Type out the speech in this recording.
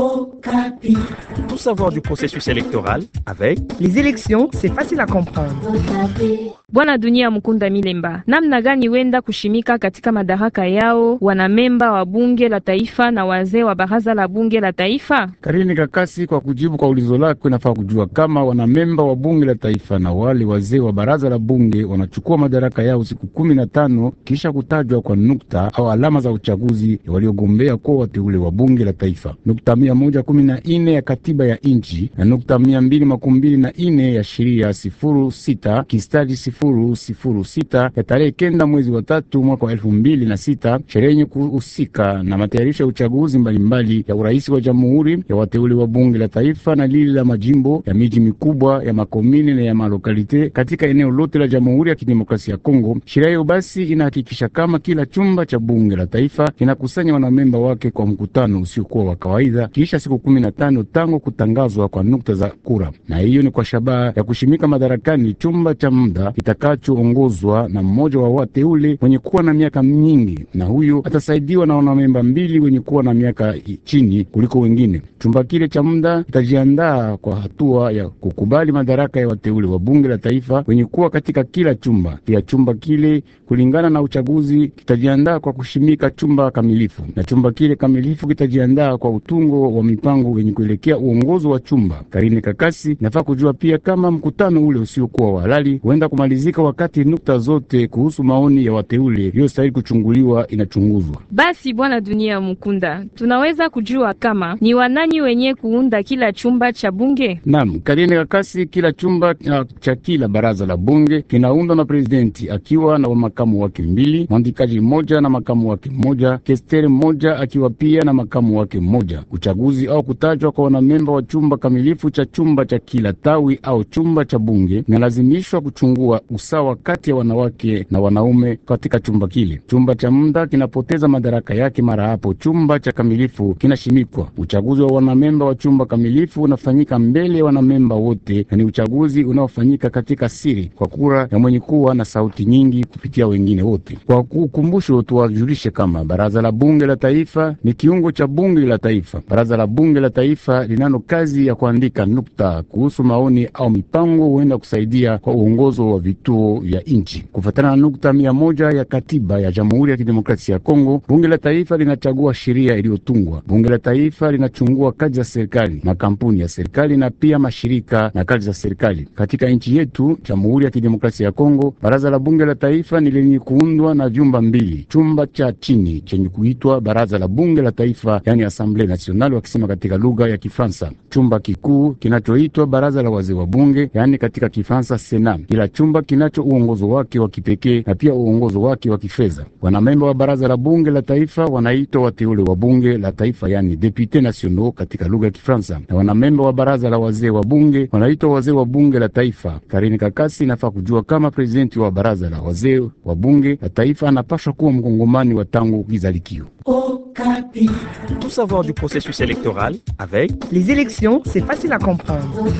o capitão. tout savoir du processus électoral avec les élections, c'est facile à comprendre. Bwana Dunia Mkunda Milemba, namna gani wenda kushimika katika madaraka yao wanamemba wa bunge la taifa na wazee wa baraza la bunge la taifa? Karini Kakasi, kwa kujibu kwa ulizo lako, inafaa kujua kama wanamemba wa bunge la taifa na wale wazee wa baraza la bunge wanachukua madaraka yao siku kumi na tano kisha kutajwa kwa nukta au alama za uchaguzi waliogombea kuwa wateule wa bunge la taifa. Nukta mia moja kumi na nne ya katiba ya nchi na nukta mia mbili makumi mbili na ine ya sheria sifuru sita kistadi sifuru sifuru sita ya tarehe kenda mwezi wa tatu mwaka wa elfu mbili na sita sherehe yenye kuhusika na matayarisho ya uchaguzi mbalimbali mbali ya urais wa jamhuri ya wateule wa bunge la taifa na lili la majimbo ya miji mikubwa ya makomine na ya malokalite katika eneo lote la Jamhuri ya Kidemokrasia ya Kongo. Sheria hiyo basi inahakikisha kama kila chumba cha bunge la taifa kinakusanya wanamemba wake kwa mkutano usiokuwa wa kawaida kisha siku kumi na tano tangu kutangazwa kwa nukta za kura, na hiyo ni kwa shabaha ya kushimika madarakani chumba cha muda kitakachoongozwa na mmoja wa wateule wenye kuwa na miaka mingi, na huyo atasaidiwa na wanamemba mbili wenye kuwa na miaka chini kuliko wengine. Chumba kile cha muda kitajiandaa kwa hatua ya kukubali madaraka ya wateule wa bunge la taifa wenye kuwa katika kila chumba. Pia chumba kile kulingana na uchaguzi kitajiandaa kwa kushimika chumba kamilifu, na chumba kile kamilifu kitajiandaa kwa utungo wa mipango wenye kuelekea uongozi kiongozi wa chumba Karine Kakasi. Nafaa kujua pia kama mkutano ule usiokuwa wa halali huenda kumalizika wakati nukta zote kuhusu maoni ya wateule iliyostahili kuchunguliwa inachunguzwa. Basi Bwana Dunia Mkunda, tunaweza kujua kama ni wanani wenye kuunda kila chumba cha bunge? Naam, Karine Kakasi, kila chumba ah, cha kila baraza la bunge kinaundwa na presidenti akiwa na makamu wake mbili, mwandikaji mmoja na makamu wake mmoja, kesteri mmoja akiwa pia na makamu wake mmoja. Uchaguzi au kutajwa kwa wanamemba wanamemba wa chumba kamilifu cha chumba cha kila tawi au chumba cha bunge inalazimishwa kuchungua usawa kati ya wanawake na wanaume katika chumba kile. Chumba cha muda kinapoteza madaraka yake mara hapo chumba cha kamilifu kinashimikwa. Uchaguzi wa wanamemba wa chumba kamilifu unafanyika mbele ya wanamemba wote, na ni uchaguzi unaofanyika katika siri kwa kura ya mwenye kuwa na sauti nyingi kupitia wengine wote. Kwa kukumbusho, tuwajulishe kama baraza la bunge la taifa ni kiungo cha bunge la taifa. Baraza la bunge la taifa linano kazi ya kuandika nukta kuhusu maoni au mipango huenda kusaidia kwa uongozo wa vituo vya nchi kufuatana na nukta mia moja ya katiba ya Jamhuri ya Kidemokrasia ya Kongo. Bunge la Taifa linachagua sheria iliyotungwa. Bunge la Taifa linachungua kazi za serikali, makampuni ya serikali na pia mashirika na kazi za serikali katika nchi yetu Jamhuri ya Kidemokrasia ya Kongo. Baraza la Bunge la Taifa ni lenye kuundwa na vyumba mbili, chumba cha chini chenye kuitwa Baraza la Bunge la Taifa, yani Assemblée Nationale wakisema katika lugha ya Kifaransa chumba kikuu kinachoitwa baraza la wazee wa bunge, yaani katika Kifaransa Sena. Kila chumba kinacho uongozo wake wa kipekee na pia uongozo wake wa kifedha. Wanamemba wa baraza la bunge la taifa wanaitwa wateule wa bunge la taifa, yaani depute nationaux katika lugha ya Kifaransa, na wanamemba wa baraza la wazee wa bunge wanaitwa wazee wa bunge la taifa. Karini Kakasi inafaa kujua kama prezidenti wa baraza la wazee wa bunge la taifa anapaswa kuwa mkongomani wa tangu kizalikio. Tout savoir du processus électoral avec Les élections, c'est facile à comprendre.